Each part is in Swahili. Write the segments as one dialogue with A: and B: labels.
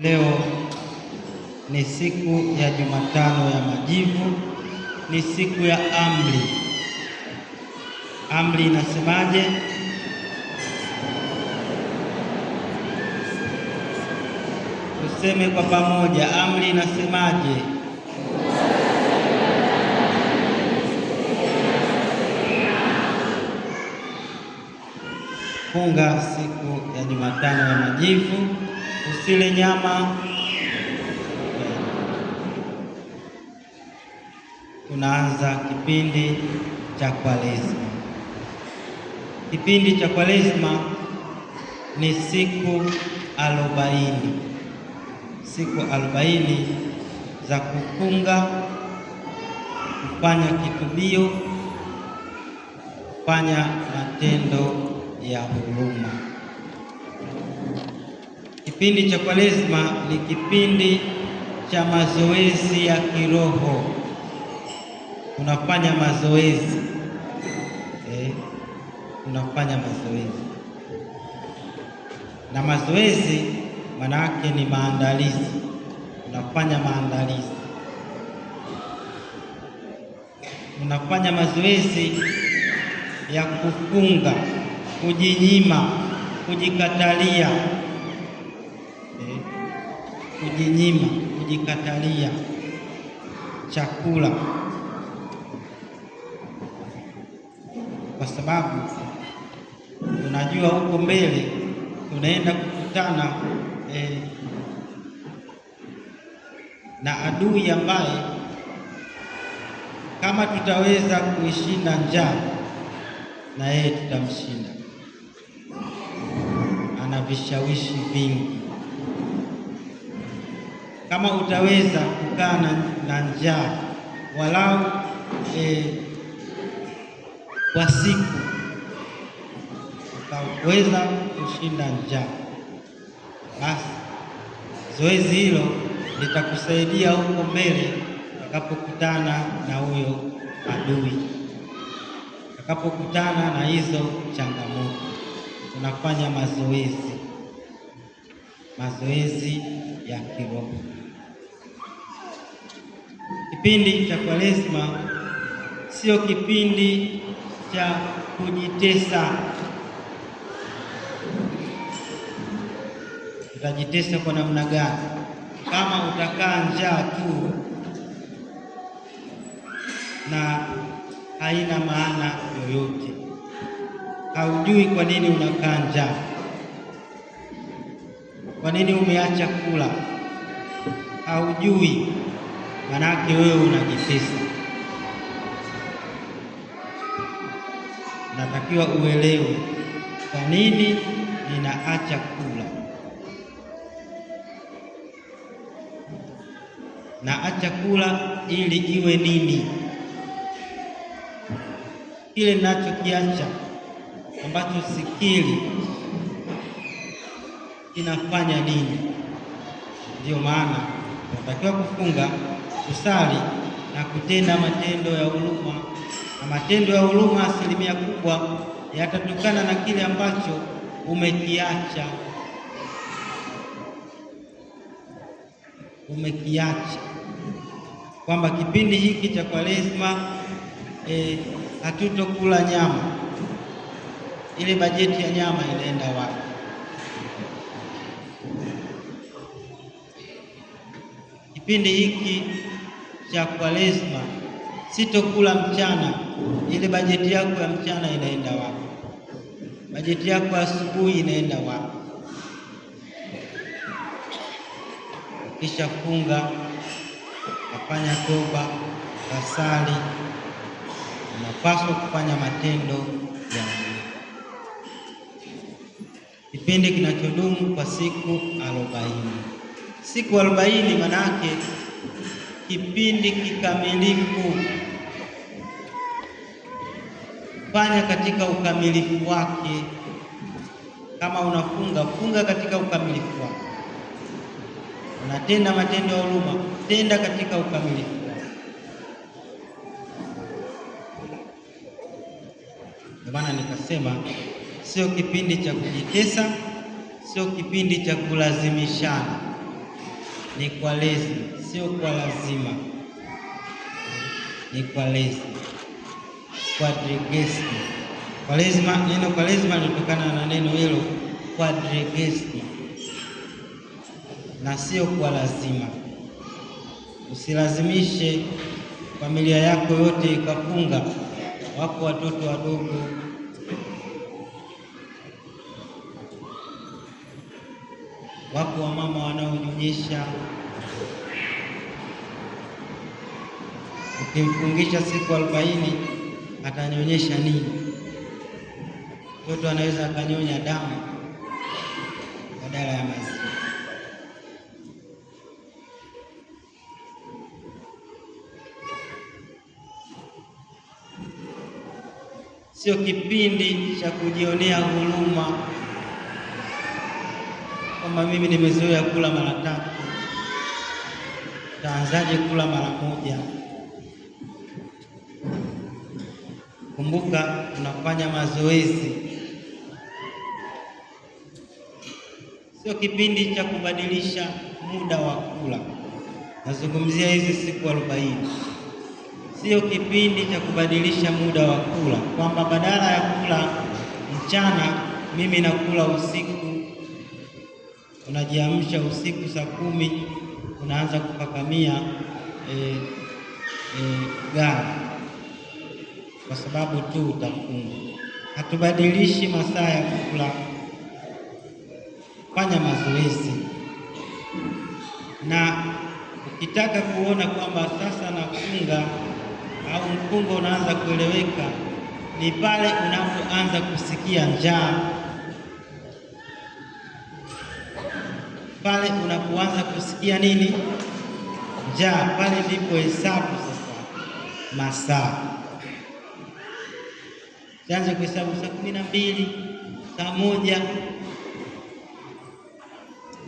A: Leo ni siku ya Jumatano ya Majivu, ni siku ya amri. Amri inasemaje? Tuseme kwa pamoja, amri inasemaje? Funga siku ya Jumatano ya Majivu usile nyama. Tunaanza kipindi cha Kwaresma. Kipindi cha Kwaresma ni siku arobaini, siku arobaini za kufunga, kufanya kitubio, kufanya matendo ya huruma. Kipindi cha Kwaresma ni kipindi cha mazoezi ya kiroho, unafanya mazoezi eh, unafanya mazoezi na mazoezi manake ni maandalizi, unafanya maandalizi, unafanya mazoezi ya kufunga, kujinyima, kujikatalia kujinyima, kujikatalia chakula kwa sababu unajua huko mbele unaenda kukutana eh, na adui ambaye kama tutaweza kuishinda njaa na yeye tutamshinda. Ana vishawishi vingi kama utaweza kukaa na njaa walau e, kwa siku utaweza kushinda njaa, basi zoezi hilo litakusaidia huko mbele utakapokutana na huyo adui, utakapokutana na hizo changamoto. Tunafanya mazoezi mazoezi ya kiroho. Kipindi cha Kwaresma sio kipindi cha kujitesa. Utajitesa kwa namna gani? Kama utakaa njaa tu na haina maana yoyote, haujui kwa nini unakaa njaa, kwa nini umeacha kula, haujui manake wewe unajifisa. Natakiwa uelewe kwa nini ninaacha kula. Naacha kula ili iwe nini? Kile ninachokiacha ambacho sikili kinafanya nini? Ndiyo maana natakiwa kufunga kusali na kutenda matendo ya huruma, na matendo ya huruma asilimia kubwa yatatokana na kile ambacho umekiacha umekiacha kwamba kipindi hiki cha Kwaresma e, hatutokula nyama. Ile bajeti ya nyama inaenda wapi? Kipindi hiki cha Kwaresma, sitokula mchana, ile bajeti yako ya mchana inaenda wapi? Bajeti yako ya asubuhi inaenda wapi? Kisha funga, kafanya toba, kasali. Unapaswa kufanya matendo ya Kipindi kinachodumu kwa siku arobaini. Siku arobaini manake kipindi kikamilifu. Fanya katika ukamilifu wake. Kama unafunga funga katika ukamilifu wake, unatenda matendo ya huruma, tenda katika ukamilifu wake. Ndio maana nikasema sio kipindi cha kujitesa, sio kipindi cha kulazimishana, ni kwa lazima sio kwa lazima, ni kwa lazima, quadrigesima. Kwa lazima, neno kwa lazima linatokana na neno hilo quadrigesima, na sio kwa lazima. Usilazimishe familia yako yote ikafunga. Wako watoto wadogo wako wamama wanaonyonyesha ukimfungisha siku arobaini atanionyesha nini? Mtoto anaweza akanyonya damu badala ya maziwa. Sio kipindi cha kujionea huruma kwamba mimi nimezoea kula mara tatu, taanzaje kula mara moja? kumbuka tunafanya mazoezi, sio kipindi cha kubadilisha muda wa kula. Nazungumzia hizi siku arobaini, sio kipindi cha kubadilisha muda wa kula, kwamba badala ya kula mchana mimi nakula usiku. Unajiamsha usiku saa kumi unaanza kupakamia eh, eh, gari kwa sababu tu utafunga. Hatubadilishi masaa ya kula. Fanya mazoezi, na ukitaka kuona kwamba sasa nafunga au mfungo unaanza kueleweka, ni pale unapoanza kusikia njaa pale unapoanza kusikia nini njaa, pale ndipo hesabu sasa masaa Tuanze kuhesabu saa kumi na mbili, saa moja,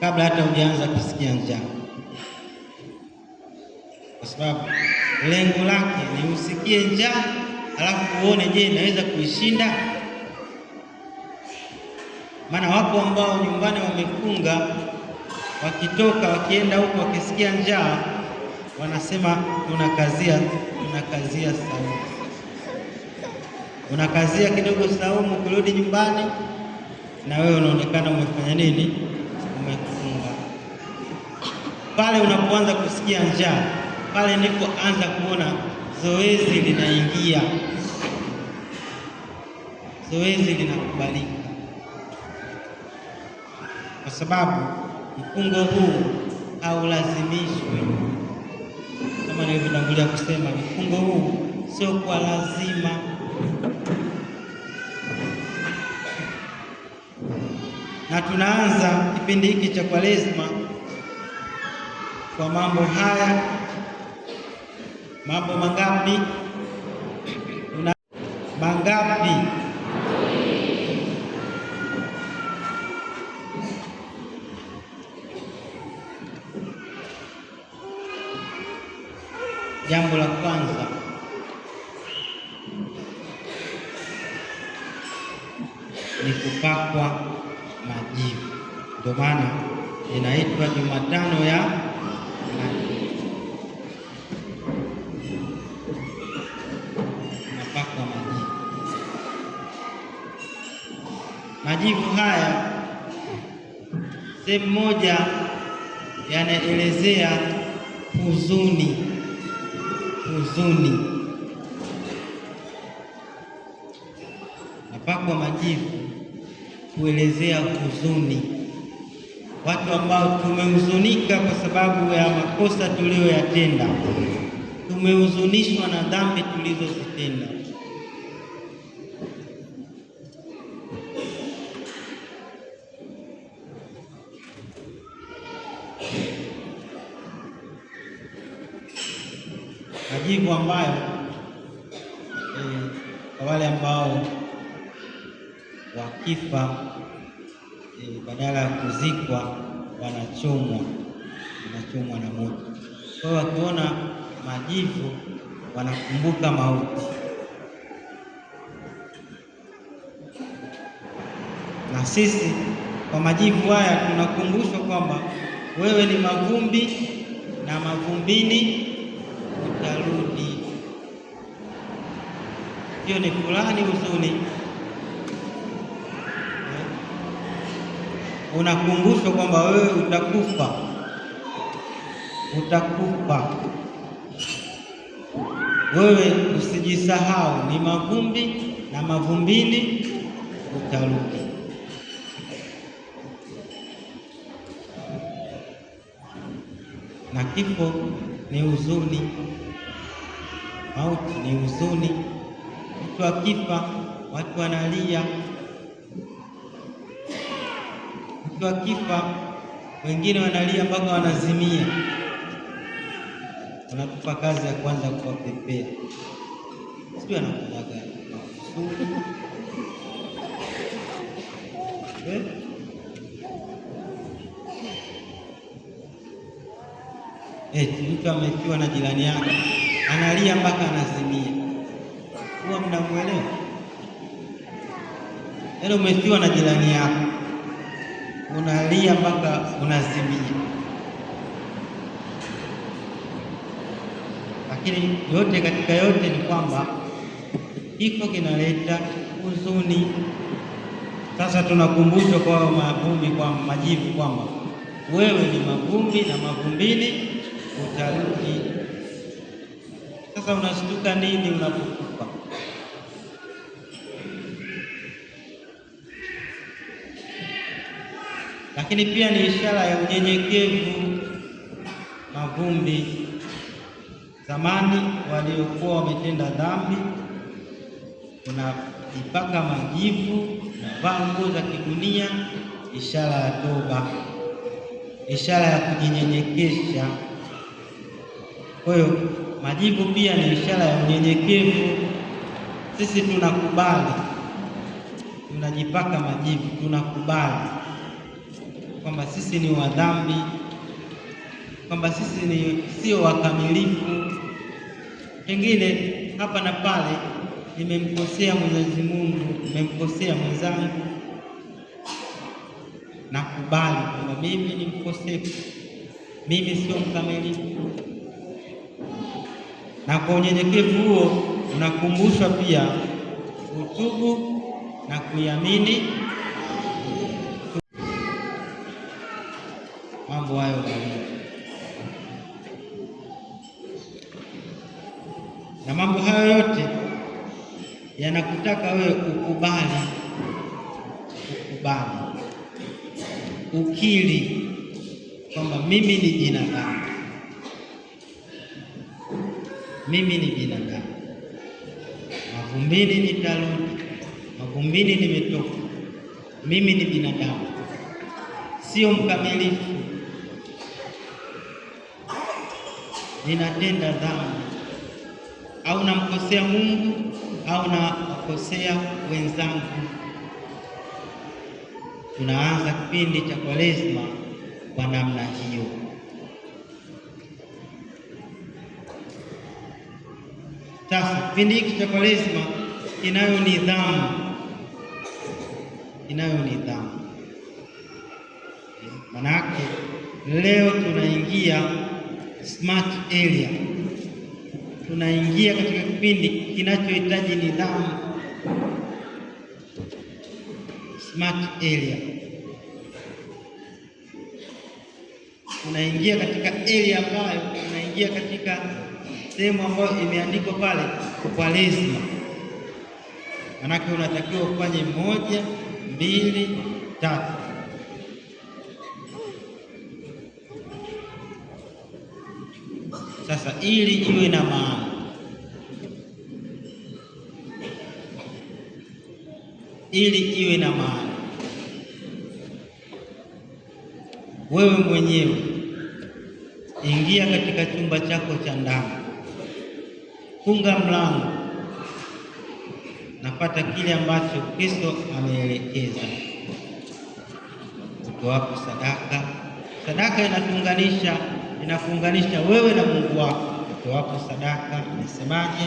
A: kabla hata hujaanza kusikia njaa, kwa sababu lengo lake ni usikie njaa, alafu uone, je, naweza kuishinda? Maana wapo ambao nyumbani wamefunga, wakitoka wakienda huko wakisikia njaa, wanasema tunakazia tunakazia sauti unakazia kidogo saumu, kurudi nyumbani na wewe unaonekana umefanya nini? Umefunga. Pale unapoanza kusikia njaa, pale ndipo anza kuona zoezi linaingia, zoezi linakubalika, kwa sababu mfungo huu haulazimishwi. Kama nilivyotangulia kusema, mfungo huu sio kwa lazima na tunaanza kipindi hiki cha Kwaresma kwa mambo haya. Mambo mangapi? Una mangapi? Jambo la kwanza ni kupakwa maana inaitwa Jumatano ya napakwa majivu. Majivu haya sehemu moja yanaelezea huzuni, huzuni napakwa majivu kuelezea huzuni watu ambao tumehuzunika kwa sababu ya makosa tuliyoyatenda, tumehuzunishwa na dhambi tulizozitenda. linachomwa linachomwa na moto. Kwa hiyo wakiona majivu wanakumbuka mauti, na sisi kwa majivu haya tunakumbushwa kwamba wewe ni mavumbi na mavumbini utarudi. Hiyo ni fulani huzuni unakumbushwa kwamba wewe utakufa, utakufa. Wewe usijisahau, ni mavumbi na mavumbini utarudi. Na kifo ni huzuni, mauti ni huzuni. Mtu akifa watu wanalia. mtu akifa, wengine wanalia mpaka wanazimia, wanatupa kazi ya kwanza kuwapepea. Sijui anafanyaga makusudi eh? Eti eh, mtu na jirani yake analia mpaka anazimia, huwa mnamwelewa? Yaani umekiwa na jirani yako unalia mpaka unazimia. Lakini yote katika yote ni kwamba kifo kinaleta huzuni. Sasa tunakumbushwa kwa mavumbi, kwa majivu kwamba wewe ni mavumbi na mavumbini utarudi. Sasa unashtuka nini unapo lakini pia ni ishara ya unyenyekevu. Mavumbi zamani waliokuwa wametenda dhambi unajipaka majivu, unavaa nguo za kidunia, ishara ya toba, ishara ya kujinyenyekesha. Kwa hiyo majivu pia ni ishara ya unyenyekevu. Sisi tunakubali, tunajipaka majivu, tunakubali kwamba sisi ni wa dhambi, kwamba sisi ni sio wakamilifu, pengine hapa na pale nimemkosea Mwenyezi Mungu, nimemkosea mwenzangu. Nakubali kwamba mimi ni mkosefu, mimi sio mkamilifu, na kwa unyenyekevu huo unakumbushwa pia utubu na kuiamini mambo hayo mawili, na mambo hayo yote yanakutaka wewe ukubali, ukubali, ukiri kwamba mimi ni binadamu, mimi ni binadamu, mavumbini nitarudi, mavumbini nimetoka. Mimi ni binadamu, sio mkamilifu ninatenda dhambi au namkosea Mungu au nawakosea wenzangu. Tunaanza kipindi cha Kwaresma kwa namna hiyo. Sasa kipindi hiki cha Kwaresma inayo nidhamu, inayo nidhamu, manake leo tunaingia smart area. Tunaingia katika kipindi kinachohitaji nidhamu. Smart area, tunaingia katika area ambayo tunaingia katika sehemu ambayo imeandikwa pale Kwaresima, manake unatakiwa ufanye moja, mbili, tatu ili iwe na maana. Ili iwe na maana, wewe mwenyewe ingia katika chumba chako cha ndani, funga mlango, napata kile ambacho Kristo ameelekeza. Utoapo sadaka, sadaka inafunganisha, inafunganisha wewe na Mungu wako utoapo sadaka unasemaje?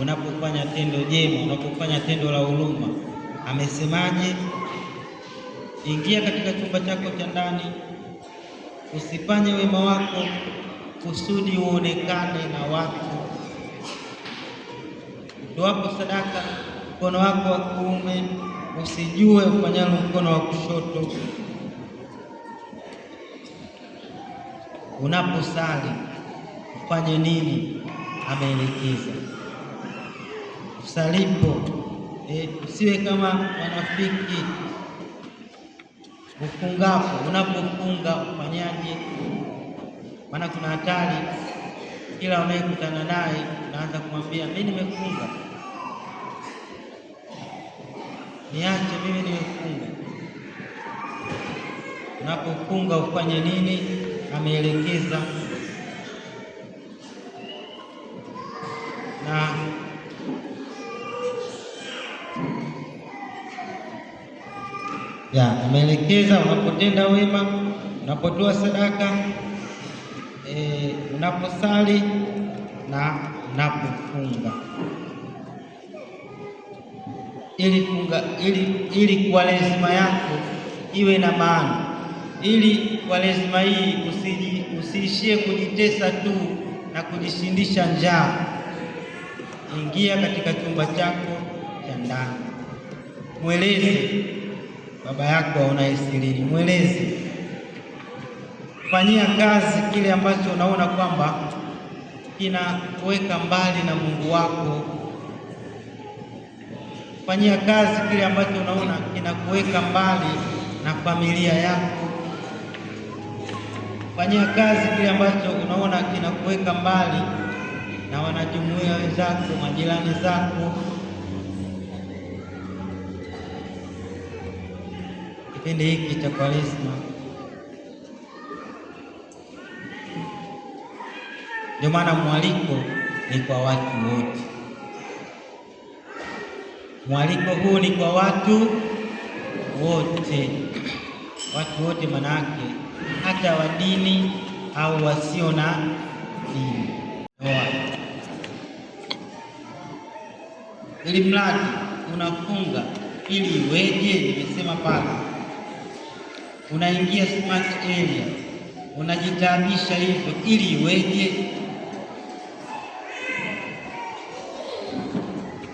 A: Unapofanya tendo jema, unapofanya tendo la huruma amesemaje? Ingia katika chumba chako cha ndani, usifanye wema wako kusudi uonekane na watu. Utoapo sadaka, mkono wako wa kuume usijue ufanyalo mkono wa kushoto unaposali ufanye nini, ameelekeza usalipo. E, usiwe kama wanafiki ufungapo, unapofunga ufanyaje? Maana kuna hatari, kila unayekutana naye unaanza kumwambia mimi nimefunga, niache mimi nimefunga. Unapofunga ufanye nini? ameelekeza na ya ameelekeza unapotenda wema, unapotoa sadaka e, unaposali na unapofunga ili, ili, ili kuwa lazima yako iwe na maana ili kwa lazima hii usiishie kujitesa tu na kujishindisha njaa. Ingia katika chumba chako cha ndani, mweleze baba yako unayesiriri, mweleze, fanyia kazi kile ambacho unaona kwamba kinaweka mbali na Mungu wako. Fanyia kazi kile ambacho unaona kinakuweka mbali na familia yako fanyia kazi kile ambacho unaona kinakuweka mbali na wanajumuia wenzako, majirani zako. Kipindi hiki cha Kwaresma, ndio maana mwaliko ni kwa watu wote. Mwaliko huu ni kwa watu wote, watu wote, maana yake hata wa dini au wasio na dini. Ndoa ili mradi unafunga ili iweje? Nimesema pale unaingia smart area, unajitaabisha hivyo ili iweje?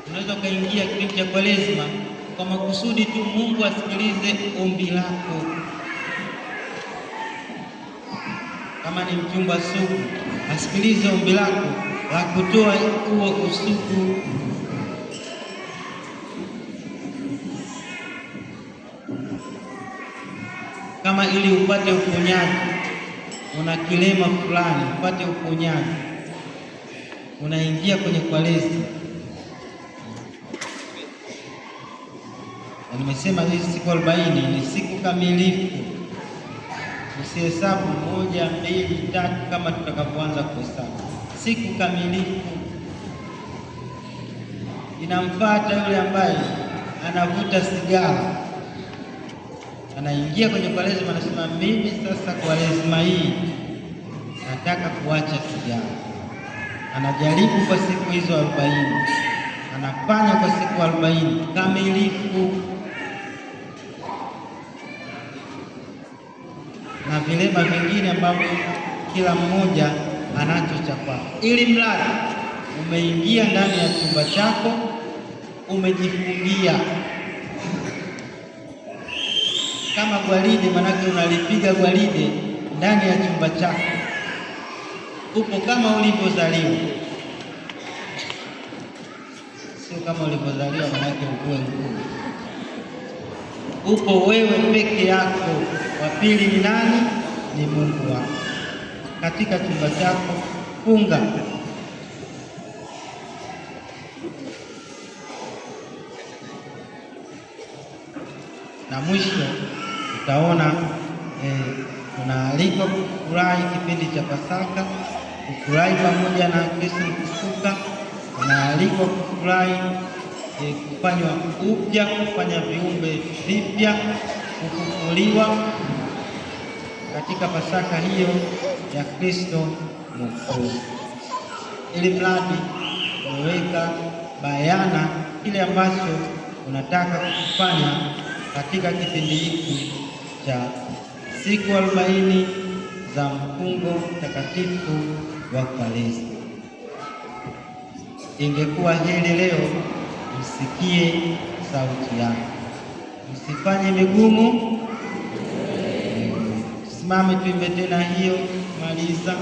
A: Unaweza ukaingia kipindi cha Kwaresma kwa makusudi tu Mungu asikilize ombi lako. kama ni mchumba sugu asikilize ombi lako la kutoa huo usuku. kama ili upate uponyaji. Una kilema fulani, upate uponyaji, unaingia kwenye kwalezi. Nimesema hii siku arobaini ni siku kamilifu Usihesabu moja, mbili, tatu kama tutakapoanza kuhesabu. Siku kamilifu inamfata yule ambaye anavuta sigara, anaingia kwenye Kwaresima, anasema mimi sasa Kwaresima hii nataka kuacha sigara. Anajaribu kwa siku hizo arobaini, anafanya kwa siku arobaini kamilifu. vilema vingine ambavyo kila mmoja anacho cha kwake, ili mradi umeingia ndani ya chumba chako, umejifungia kama gwaride, manake unalipiga gwaride ndani ya chumba chako, upo kama ulivyozaliwa, sio kama ulivyozaliwa, manake ukue nguvu. Upo wewe peke yako. Wa pili ni nani? ni Mungu wako. Katika chumba chako funga na mwisho utaona tunaalikwa eh, kufurahi kipindi cha Pasaka, kufurahi pamoja na Kristo mfufuka. Tunaalikwa kufurahi eh, kufanywa upya, kufanya viumbe vipya, kufufuliwa katika Pasaka hiyo ya Kristo Mwokozi, ili mradi umeweka bayana kile ambacho unataka kufanya katika kipindi hiki cha siku arobaini za mfungo mtakatifu wa Kwaresma. Ingekuwa heri leo msikie sauti yake, msifanye migumu Tusimame tuimbe tena hiyo, maliza